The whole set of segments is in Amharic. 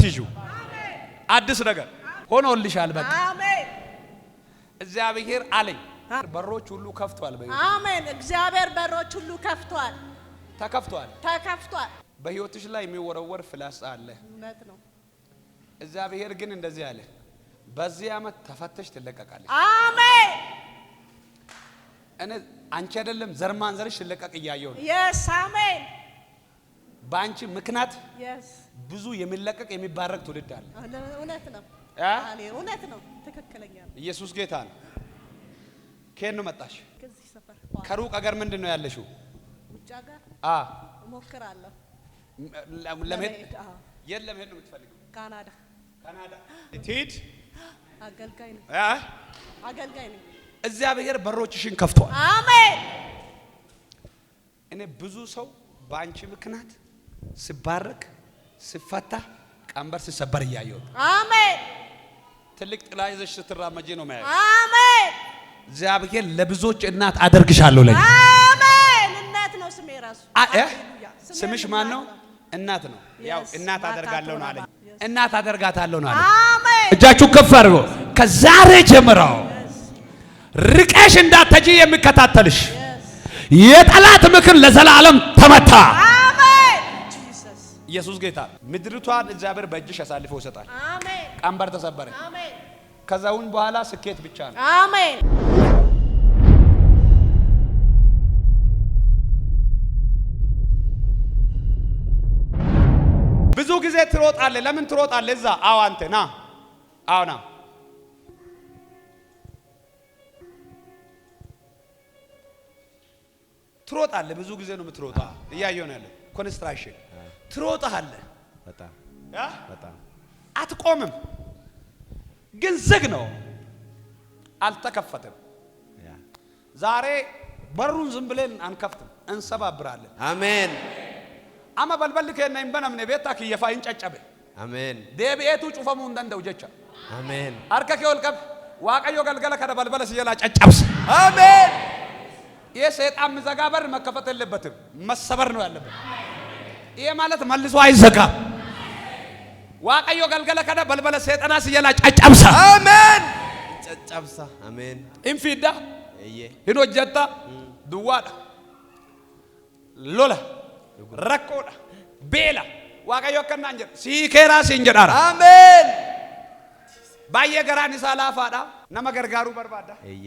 አትዩ። አዲስ ነገር ሆኖልሻል። በቃ እግዚአብሔር አለኝ። በሮች ሁሉ ከፍቷል። አሜን። እግዚአብሔር በሮች ሁሉ ከፍቷል፣ ተከፍቷል፣ ተከፍቷል። በህይወትሽ ላይ የሚወረወር ፍላስ አለ። እውነት ነው። እግዚአብሔር ግን እንደዚህ አለ፣ በዚህ ዓመት ተፈተሽ ትለቀቃለች። አሜን። እኔ አንቺ አይደለም ዘርማን ዘርሽ ትለቀቅ እያየሁ ነው። የስ አሜን በአንቺ ምክንያት ብዙ የሚለቀቅ የሚባረክ ትውልድ አለ። እውነት ነው፣ እውነት ነው፣ ትክክለኛ ነው። ኢየሱስ ጌታ ነው። ከየት ነው መጣሽ? ከሩቅ ሀገር ምንድን ነው ያለሽው? ውጭ ሀገር እሞክራለሁ። ለመሄድ የት ለመሄድ ነው የምትፈልገው? ካናዳ። ካናዳ ትሂድ። አገልጋይ ነው፣ አገልጋይ ነው። እግዚአብሔር በሮችሽን ከፍቷል። አሜን። እኔ ብዙ ሰው በአንቺ ምክንያት ስባረክ፣ ስፈታ፣ ቀንበር ሲሰበር እያየሁ አሜን። ትልቅ ጥላ ይዘሽ ስትራመጂ ነው ማለት አሜን። እግዚአብሔር ለብዙዎች እናት አደርግሻለሁ ለኝ አሜን። እናት ነው ስሜ ራሱ ስምሽ ማን ነው? እናት ነው። ያው እናት አደርጋለሁ ነው አለኝ። እናት አደርጋታለሁ ነው አለኝ። አሜን። እጃችሁ ከፍ አድርጎ ከዛሬ ጀምሮ ርቀሽ እንዳትሄጂ የሚከታተልሽ የጠላት ምክር ለዘላለም ተመታ። ኢየሱስ ጌታ። ምድሪቷን እግዚአብሔር በእጅሽ አሳልፎ ይሰጣል። አሜን። ቀንበር ተሰበረ። አሜን። ከዛውን በኋላ ስኬት ብቻ ነው። አሜን። ብዙ ጊዜ ትሮጣለህ። ለምን ትሮጣለህ? እዛ አዎ፣ አንተ ና፣ አዎ ና ትሮጣለህ። ብዙ ጊዜ ነው የምትሮጣ እያየሁ ነው ያለው ኮንስትራክሽን ትሮጣለህ፣ አትቆምም። ግን ዝግ ነው፣ አልተከፈተም። ዛሬ በሩን ዝም ብለን አንከፍትም፣ እንሰባብራለን። አሜን አማ በልበል ከና ይንበናምነ ቤታ ክየፋ ይንጨጨበ አሜን ዴቢኤቱ ጩፈሙ እንደንደው ጀቻ አሜን አርከ ከወልቀብ ዋቀዮ ገልገለ ከደ ሲየላ ጨጨብስ አሜን የሰይጣን ምዘጋ መከፈት የለበትም፣ መሰበር ነው ያለበት። ይሄ ማለት መልሶ አይዘጋም። ዋቀዮ ገልገለ ከደ በልበለ ሰይጣና ሲያላ ጨጨብሳ አሜን ጨጨብሳ አሜን እንፊዳ ኢንፊዳ ሂዶ ጀታ ዱዋዳ ሎላ ረኮዳ ቤላ ዋቀዮ ከና እንጀ ሲከራ ሲንጀዳራ አሜን ባየ ገራን ሳላፋዳ ነመ ገርጋሩ በርባዳ እየ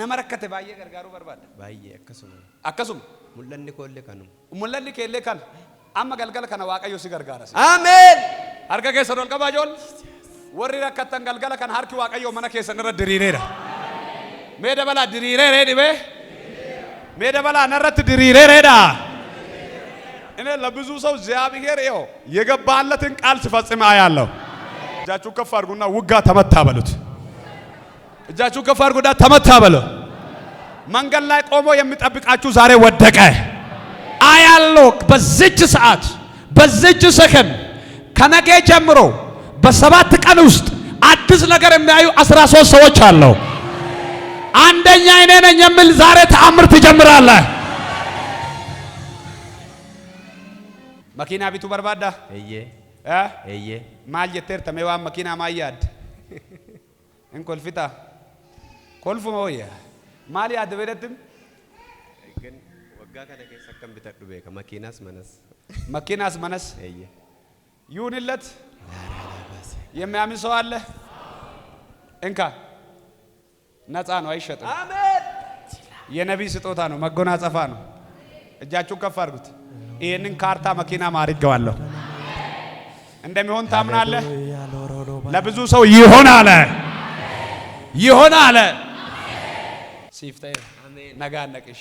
ነመ ረከተ ባየ ገርጋሩ በርባዳ ባየ አከሱም አከሱም mul'anni koo illee kanuma. Mul'anni kee illee kan amma galgala kana waaqayyo si gargaara. Ameen. Harka keessan ol qabaa ijoollee. Warri rakkattan galgala kan harki waaqayyo mana keessan irra diriireera. Mee dabalaa diriireeree dhibee. Mee dabalaa narratti diriireereedha. እኔ ለብዙ ሰው እግዚአብሔር ይኸው የገባለትን ቃል ሲፈጽም አያለሁ። እጃችሁ ከፍ አድርጉና ውጋ ተመታ በሉት። እጃችሁ ከፍ አድርጉና ተመታ በሉት። መንገድ ላይ ቆሞ የሚጠብቃችሁ ዛሬ ወደቀ። አያለው በዚች ሰዓት በዚች ሰከንድ ከነገ ጀምሮ በሰባት ቀን ውስጥ አዲስ ነገር የሚያዩ አስራ ሶስት ሰዎች አለው። አንደኛ እኔ ነኝ የሚል ዛሬ ተአምር ትጀምራለህ። መኪና ቢቱ በርባዳ እየ እየ ማልጀቴር ተመዋ መኪና ማያድ እንኮልፊታ ኮልፉ መውያ maal yaadde fedhattin? Waggaa kana keessa akkam bitadhu beeka? Makiinaas manas. Makiinaas manas? ይሁን ለት የሚያምን ሰው አለ? እንካ ነፃ ነው፣ አይሸጥም። የነቢይ ስጦታ ነው፣ መጎናጸፋ ነው። እጃችሁን ከፍ አድርጉት። ይህንን ካርታ መኪና ማድርገዋለሁ እንደሚሆን ታምናለህ? ለብዙ ሰው ይሆን አለ፣ ይሆን አለ። ሲፍታይ ነጋ ነቅሽ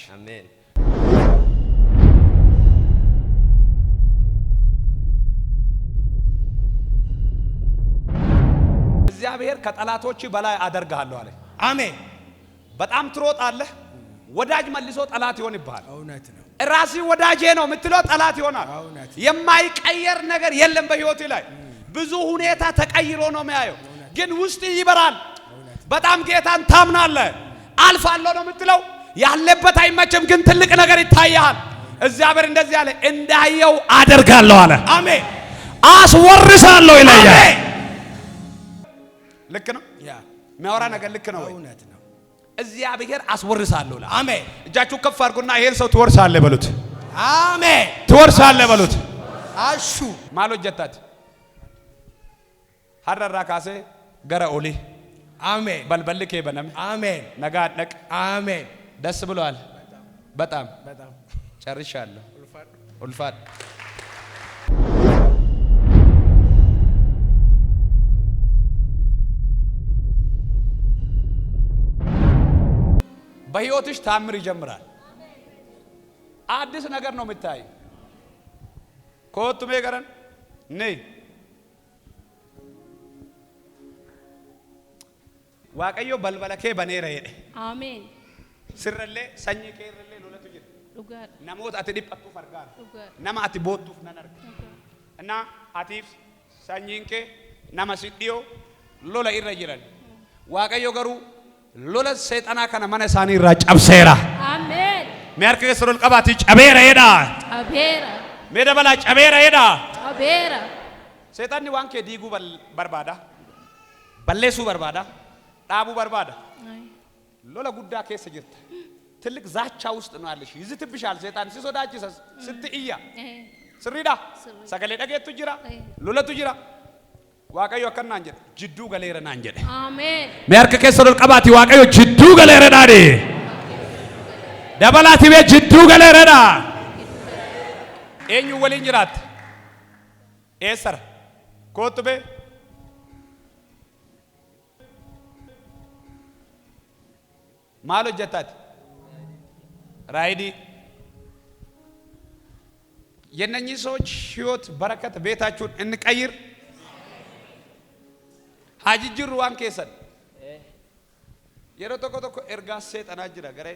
እግዚአብሔር ከጠላቶች በላይ አደርግሃለሁ አለ። አሜን። በጣም ትሮጣለህ። ወዳጅ መልሶ ጠላት ይሆንብሃል። እውነት ነው። ራሲ ወዳጄ ነው የምትለው ጠላት ይሆናል። የማይቀየር ነገር የለም በህይወት ላይ ብዙ ሁኔታ ተቀይሮ ነው የሚያየው፣ ግን ውስጥ ይበራል። በጣም ጌታን ታምናለህ። አልፋለሁ ነው የምትለው። ያለበት አይመችም፣ ግን ትልቅ ነገር ይታያል። እግዚአብሔር እንደዚህ አለ፣ እንዳየው አደርጋለሁ አለ። አሜን። አስወርሳለሁ ይለኛል። ልክ ነው የሚያወራ ነገር ልክ ነው ወይ? እውነት ነው። እግዚአብሔር አስወርሳለሁ አለ። አሜን። እጃችሁ ከፍ አድርጉና ይሄን ሰው ትወርሳለህ በሉት። አሜን። ትወርሳለህ በሉት። አሹ ማሎ ጀታት ሀረራ ካሴ ገረ ኦሊ አሜን። በልበል ከ በነም አሜን። ነጋ አድነቅ አሜን። ደስ ብሏል። በጣም ጨርሻለሁ። ኡልፋድ በህይወትሽ ታምር ይጀምራል። አዲስ ነገር ነው የምታይ ኮቱ ሜገረን ነይ waaqayyo balbala kee baneera jedhe. Ameen. Sirrallee sanyii kee irrallee lolatu jira. Dhugaadha. Namoota ati dhiphattuuf argaara. Nama ati boodduuf nan arga. na atiif sanyiin kee nama si dhiyoo lola irra jiran. Waaqayyo garuu lola seexanaa kana mana isaanii irraa cabseera. Ameen. Mee harka keessa lol qabaati cabeera jedhaa. Cabeera. Mee dabalaa cabeera jedhaa. Cabeera. Seexanni waan kee diiguu barbaada. Balleessuu barbaada. ጣቡ በርባዳ ሎለ ጉዳ ኬስ ጅርት ትልቅ ዛቻ ውስጥ ነው ያለሽ። ይዝትብሻል ሰይጣን ሲሶዳጅ ሰስ ስትእያ ስሪዳ ሰገሌ ደገቱ ጅራ ሎለቱ ጅራ ዋቀዮ ከናን ጀ ጅዱ ገሌረናን ጀ አሜን ሚያርክ ኬስ ቀባቲ ዋቀዮ ጅዱ ገሌረና ዲ ደበላቲ ቤ ጅዱ ገሌረና ኤኙ ወሊን ኤሰር ኮቱቤ maal hojjetaati raayidii የእነኚህ ሰዎች ህይወት በረከት ቤታችሁን እንቀይር። ሀጅጅሩ ዋን ኬሰን yeroo tokko tokko ergaa seexanaa jira garee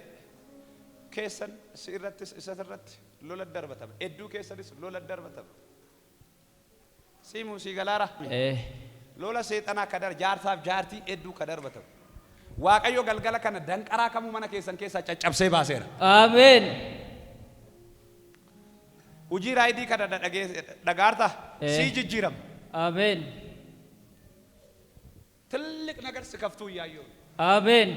keessan irrattis isarratti lola darbatama hedduu keessanis lola darbatama simu si galaara lola seexanaa ka dar jaarsaaf jaartii hedduu ka darbatama waaqayyo galgala kana danqaraa kamuu mana keessan keessaa caccabsee baaseera. Ameen. Hujii raayidii kana dhagaarta sii jijjiirama. Ameen. ትልቅ ነገር ስከፍቱ እያየሁ አሜን።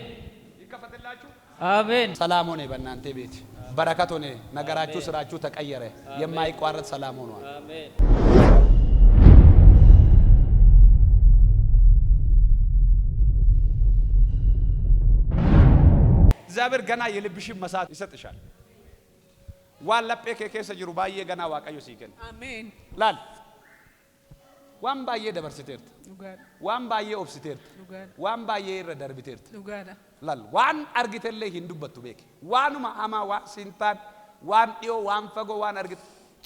ይከፈትላችሁ። አሜን። ሰላም ሆነ በእናንተ ቤት በረከት ሆነ። ነገራችሁ፣ ስራችሁ ተቀየረ። የማይቋረጥ ሰላም ሆኗል። አሜን። እግዚአብሔር ገና የልብሽን መሳት ይሰጥሻል። ዋን ለጴ ጅሩ ባዬ ገና ዋቀዮ ሲገን ላል ዋን ባዬ ደበርሲቴርት ዋን ባዬ ኦብሲቴርት ዋን ባዬ ረ ላል ዋን አርጊቴሌ ሂንዱበቱ ቤክ ዋኑማ አማ ዋን ሲንታን ዋን ዲዮ ዋን ፈጎ ዋን አርጊት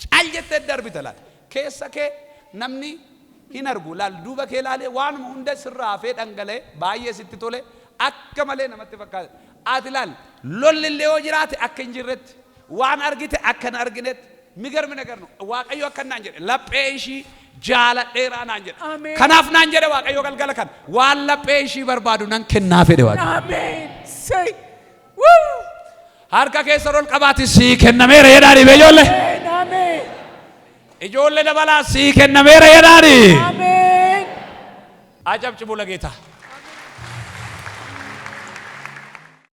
ጫልጀቴ ደርቢተላል ኬሰ ኬ ነምኒ ሂነርጉ ላል duuba kee laalee waanuma hunda sirraa hafee dhangalee baay'ee sitti tole አትላል ሎልሌዮ ጅራት አከን ጅረት ዋን አርግት አከን አርግነት የሚገርም ነገር ነው። ዋቀዮ አከናን ጀደ ለጴሺ ጃለ ዴራ ናን ጀደ ከናፍ ናን ዋቀዮ ገልገለ ከን ዋን ለጴሺ በርባዱ ነን ከናፍ ደዋ አሜን ሰይ ው ሀርካ ከሰሮል ቀባት ሲ ከነሜ ረዳሪ በጆለ አሜን እጆለ ደባላ ሲ ከነሜ ረዳሪ አሜን አጨብጭቡ ለጌታ